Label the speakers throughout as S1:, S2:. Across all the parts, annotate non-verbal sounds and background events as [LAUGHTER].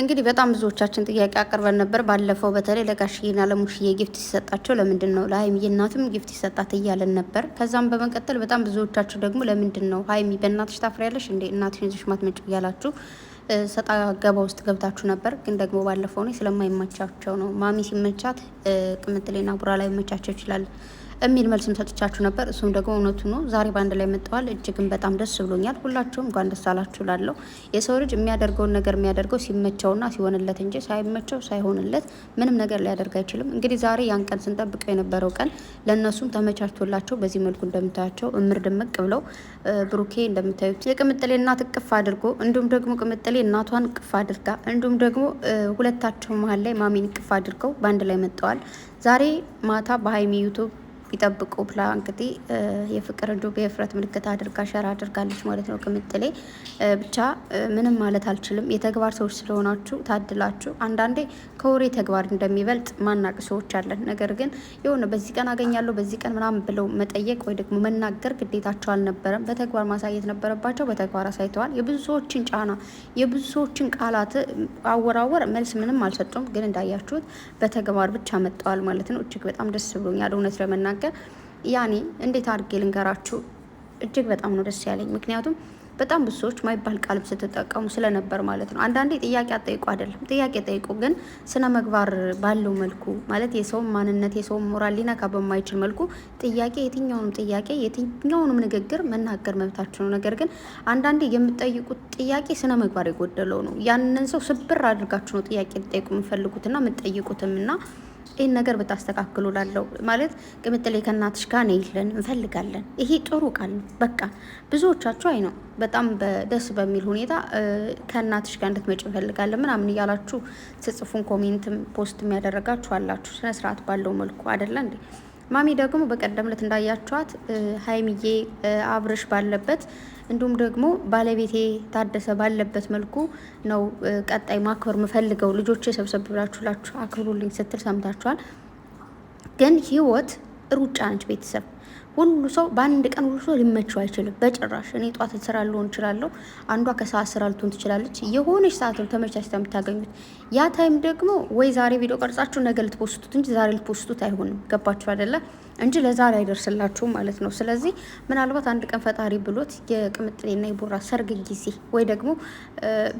S1: እንግዲህ በጣም ብዙዎቻችን ጥያቄ አቅርበን ነበር። ባለፈው በተለይ ለጋሽዬና ለሙሽዬ ጊፍት ሲሰጣቸው ለምንድን ነው ለሀይሚዬ እናትም ጊፍት ይሰጣት እያለን ነበር። ከዛም በመቀጠል በጣም ብዙዎቻችሁ ደግሞ ለምንድን ነው ሀይሚ በእናትሽ ታፍሪያለሽ እንዴ እናትሽን ይዘሽ ማትመጪ እያላችሁ ሰጣ ገባ ውስጥ ገብታችሁ ነበር። ግን ደግሞ ባለፈው እኔ ስለማይመቻቸው ነው ማሚ ሲመቻት ቅምጥሌና ቡራ ላይ መቻቸው ይችላል የሚል መልስም ሰጥቻችሁ ነበር። እሱም ደግሞ እውነቱ ነው። ዛሬ በአንድ ላይ መጥተዋል። እጅግም በጣም ደስ ብሎኛል። ሁላችሁም እንኳን ደስ አላችሁ ላለው የሰው ልጅ የሚያደርገውን ነገር የሚያደርገው ሲመቸውና ሲሆንለት እንጂ ሳይመቸው ሳይሆንለት ምንም ነገር ሊያደርግ አይችልም። እንግዲህ ዛሬ ያን ቀን ስንጠብቀው የነበረው ቀን ለእነሱም ተመቻችቶላቸው በዚህ መልኩ እንደምታያቸው እምር ድምቅ ብለው ብሩኬ እንደምታዩት የቅምጥሌ እናት እቅፍ አድርጎ እንዲሁም ደግሞ ቅምጥሌ እናቷን እቅፍ አድርጋ እንዲሁም ደግሞ ሁለታቸው መሀል ላይ ማሚን እቅፍ አድርገው በአንድ ላይ መጥተዋል። ዛሬ ማታ በሀይሚ ዩቱብ ይጠብቁ ብላ እንግዲህ የፍቅር ዱብ የፍረት ምልክት አድርጋ ሸር አድርጋለች ማለት ነው። ቅምጥሌ ብቻ ምንም ማለት አልችልም። የተግባር ሰዎች ስለሆናችሁ ታድላችሁ። አንዳንዴ ከወሬ ተግባር እንደሚበልጥ ማናቅ ሰዎች አለን። ነገር ግን የሆነ በዚህ ቀን አገኛለሁ በዚህ ቀን ምናምን ብለው መጠየቅ ወይ ደግሞ መናገር ግዴታቸው አልነበረም። በተግባር ማሳየት ነበረባቸው። በተግባር አሳይተዋል። የብዙ ሰዎችን ጫና የብዙ ሰዎችን ቃላት አወራወር መልስ ምንም አልሰጡም። ግን እንዳያችሁት በተግባር ብቻ መጥተዋል ማለት ነው። እጅግ በጣም ደስ ብሎኛል እውነት ለመናገር ስላደረገ ያኔ እንዴት አድርጌ ልንገራችሁ፣ እጅግ በጣም ነው ደስ ያለኝ። ምክንያቱም በጣም ብዙ ሰዎች ማይባል ቃልም ስትጠቀሙ ስለነበር ማለት ነው። አንዳንዴ ጥያቄ አጠይቁ አይደለም ጥያቄ ጠይቁ፣ ግን ስነ መግባር ባለው መልኩ ማለት የሰውን ማንነት የሰውን ሞራል ሊነካ በማይችል መልኩ ጥያቄ የትኛውንም ጥያቄ የትኛውንም ንግግር መናገር መብታችሁ ነው። ነገር ግን አንዳንዴ የምጠይቁት ጥያቄ ስነ መግባር የጎደለው ነው። ያንን ሰው ስብር አድርጋችሁ ነው ጥያቄ ልጠይቁ የምፈልጉትና የምጠይቁትም እና ይህን ነገር ብታስተካክሉ ላለው ማለት ቅምጥሌ ከእናትሽ ጋር ነይልን እንፈልጋለን። ይሄ ጥሩ ቃል ነው። በቃ ብዙዎቻችሁ አይ ነው በጣም ደስ በሚል ሁኔታ ከእናትሽ ጋር እንድትመጭ እንፈልጋለን ምናምን እያላችሁ ስጽፉን ኮሜንትም ፖስት የሚያደረጋችሁ አላችሁ። ስነስርዓት ባለው መልኩ አደለ እንዴ? ማሚ ደግሞ በቀደም ዕለት እንዳያችኋት ሀይሚዬ አብርሽ ባለበት እንዲሁም ደግሞ ባለቤቴ ታደሰ ባለበት መልኩ ነው ቀጣይ ማክበር ምፈልገው ልጆቼ ሰብሰብ ብላችሁላችሁ አክብሩልኝ ስትል ሰምታችኋል። ግን ህይወት ሩጫ ነች ቤተሰብ ሁሉ ሰው በአንድ ቀን ሁሉ ሰው ሊመቸው አይችልም በጭራሽ። እኔ ጠዋት ስራ ልሆን እችላለሁ፣ አንዷ ከሰዓት ስራ ልትሆን ትችላለች። የሆነች ሰዓት ነው ተመቻች የምታገኙት። ያ ታይም ደግሞ ወይ ዛሬ ቪዲዮ ቀርጻችሁ ነገ ልትፖስቱት እንጂ ዛሬ ልትፖስቱት አይሆንም። ገባችሁ አይደለ? እንጂ ለዛሬ አይደርስላችሁም ማለት ነው። ስለዚህ ምናልባት አንድ ቀን ፈጣሪ ብሎት የቅምጥሌና የቡራ ሰርግ ጊዜ ወይ ደግሞ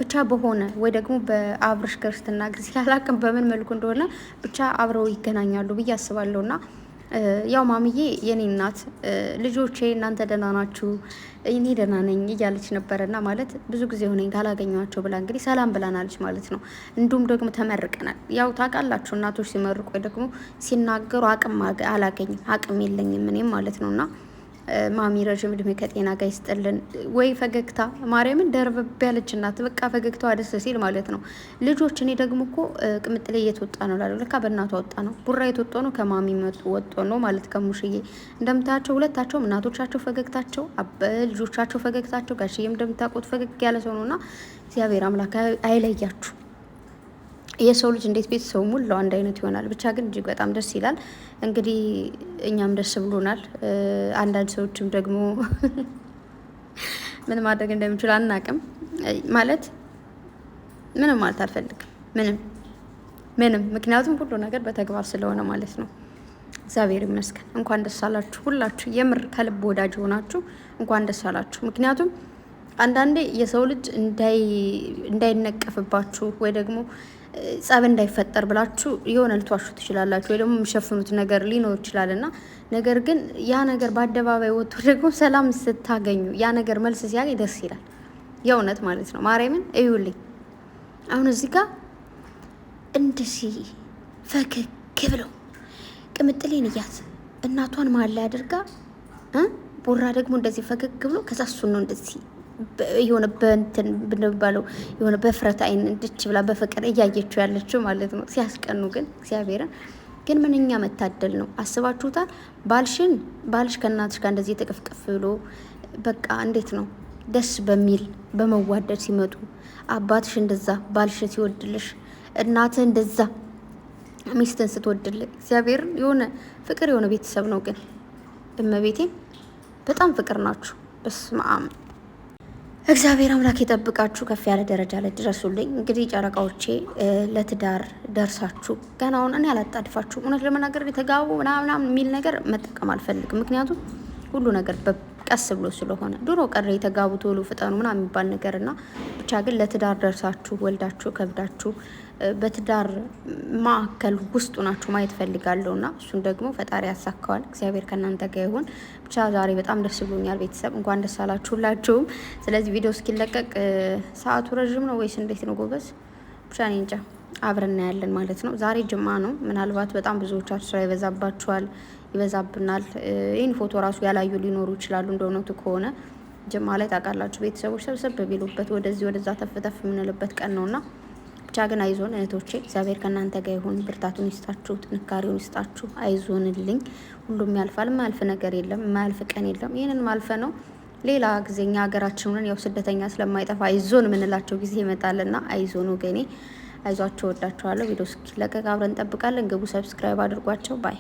S1: ብቻ በሆነ ወይ ደግሞ በአብርሽ ክርስትና ጊዜ አላቅም በምን መልኩ እንደሆነ ብቻ አብረው ይገናኛሉ ብዬ አስባለሁና ያው ማምዬ የኔ እናት ልጆቼ እናንተ ደህና ናችሁ? እኔ ደህና ነኝ እያለች ነበረና ማለት ብዙ ጊዜ ሆነኝ ካላገኘኋቸው ብላ እንግዲህ ሰላም ብላናለች ማለት ነው። እንዲሁም ደግሞ ተመርቀናል። ያው ታውቃላችሁ እናቶች ሲመርቁ ደግሞ ሲናገሩ አቅም አላገኝም አቅም የለኝም እኔም ማለት እና ማሚ ረዥም እድሜ ከጤና ጋር ይስጥልን። ወይ ፈገግታ ማርያምን ደርበብ ያለች እናት በቃ ፈገግታዋ ደስ ሲል ማለት ነው። ልጆች እኔ ደግሞ እኮ ቅምጥ እየተወጣ ነው ላለ ልካ በእናቷ ወጣ ነው ቡራ የተወጦ ነው ከማሚ ወጦ ነው ማለት ከሙሽዬ እንደምታያቸው ሁለታቸውም እናቶቻቸው ፈገግታቸው፣ ልጆቻቸው ፈገግታቸው፣ ጋሽዬም እንደምታውቁት ፈገግ ያለ ሰው ነው እና እግዚአብሔር አምላክ አይለያችሁ። የሰው ልጅ እንዴት ቤተሰቡ ሙላው አንድ አይነት ይሆናል። ብቻ ግን እጅግ በጣም ደስ ይላል። እንግዲህ እኛም ደስ ብሎናል። አንዳንድ ሰዎችም ደግሞ ምን ማድረግ እንደሚችል አናቅም። ማለት ምንም ማለት አልፈልግም። ምንም ምንም፣ ምክንያቱም ሁሉ ነገር በተግባር ስለሆነ ማለት ነው። እግዚአብሔር ይመስገን። እንኳን ደስ አላችሁ ሁላችሁ፣ የምር ከልብ ወዳጅ ሆናችሁ እንኳን ደስ አላችሁ። ምክንያቱም አንዳንዴ የሰው ልጅ እንዳይነቀፍባችሁ ወይ ደግሞ ጸብ እንዳይፈጠር ብላችሁ የሆነ ልትዋሹ ትችላላችሁ፣ ወይ ደግሞ የሚሸፍኑት ነገር ሊኖር ይችላል እና ነገር ግን ያ ነገር በአደባባይ ወጥቶ [LAUGHS] ደግሞ ሰላም ስታገኙ ያ ነገር መልስ ሲያገኝ ደስ ይላል። የእውነት ማለት ነው። ማርያምን እዩልኝ። አሁን እዚህ ጋር እንደዚህ ፈገግ ብለው ቅምጥሌን እያት እናቷን መሀል ላይ አድርጋ ቦራ ደግሞ እንደዚህ ፈገግ ብሎ ከዛ እሱን ነው እንደዚህ የሆነ በእንትን ብንባለው የሆነ በፍረት አይን እንድች ብላ በፍቅር እያየችው ያለችው ማለት ነው። ሲያስቀኑ ግን እግዚአብሔርን ግን ምንኛ መታደል ነው። አስባችሁታል? ባልሽን ባልሽ ከእናትሽ ጋር እንደዚህ ጥቅፍቅፍ ብሎ በቃ እንዴት ነው ደስ በሚል በመዋደድ ሲመጡ አባትሽ እንደዛ ባልሽ ሲወድልሽ፣ እናትህ እንደዛ ሚስትን ስትወድል እግዚአብሔርን የሆነ ፍቅር የሆነ ቤተሰብ ነው። ግን እመቤቴ በጣም ፍቅር ናችሁ። በስመ አብ እግዚአብሔር አምላክ የጠብቃችሁ ከፍ ያለ ደረጃ ላይ ድረሱልኝ። እንግዲህ ጨረቃዎቼ ለትዳር ደርሳችሁ ገና አሁን እኔ አላጣድፋችሁ። እውነት ለመናገር የተጋቡ ምናምናም የሚል ነገር መጠቀም አልፈልግም። ምክንያቱም ሁሉ ነገር ቀስ ብሎ ስለሆነ ድሮ ቀረ የተጋቡ ቶሎ ፍጠኑ ምናምን የሚባል ነገር እና ብቻ ግን ለትዳር ደርሳችሁ ወልዳችሁ ከብዳችሁ በትዳር ማዕከል ውስጡ ናችሁ ማየት ፈልጋለሁ እና እሱን ደግሞ ፈጣሪ ያሳካዋል። እግዚአብሔር ከእናንተ ጋር ይሁን። ብቻ ዛሬ በጣም ደስ ብሎኛል። ቤተሰብ እንኳን ደስ አላችሁ ሁላችሁም። ስለዚህ ቪዲዮ እስኪለቀቅ ሰዓቱ ረዥም ነው ወይስ እንዴት ነው ጎበዝ? ብቻ እኔ እንጃ። አብረና ያለን ማለት ነው። ዛሬ ጅማ ነው። ምናልባት በጣም ብዙዎቻችሁ ስራ ይበዛባችኋል፣ ይበዛብናል። ይህን ፎቶ ራሱ ያላዩ ሊኖሩ ይችላሉ። እንደ እውነቱ ከሆነ ጅማ ላይ ታውቃላችሁ፣ ቤተሰቦች ሰብሰብ ቢሉበት ወደዚህ ወደዛ ተፍተፍ የምንልበት ቀን ነውና ብቻ ግን አይዞን እህቶቼ፣ እግዚአብሔር ከእናንተ ጋር ይሁን። ብርታቱን ይስጣችሁ፣ ጥንካሬውን ይስጣችሁ። አይዞንልኝ፣ ሁሉም ያልፋል። የማያልፍ ነገር የለም፣ የማያልፍ ቀን የለም። ይህንን ማልፈ ነው ሌላ ጊዜኛ ሀገራችንን ያው ስደተኛ ስለማይጠፋ አይዞን የምንላቸው ጊዜ ይመጣልና አይዞን ወገኔ። አይዟቸው፣ ወዳቸዋለሁ። ቪዲዮ እስኪለቀቅ አብረን እንጠብቃለን። ግቡ፣ ሰብስክራይብ አድርጓቸው። ባይ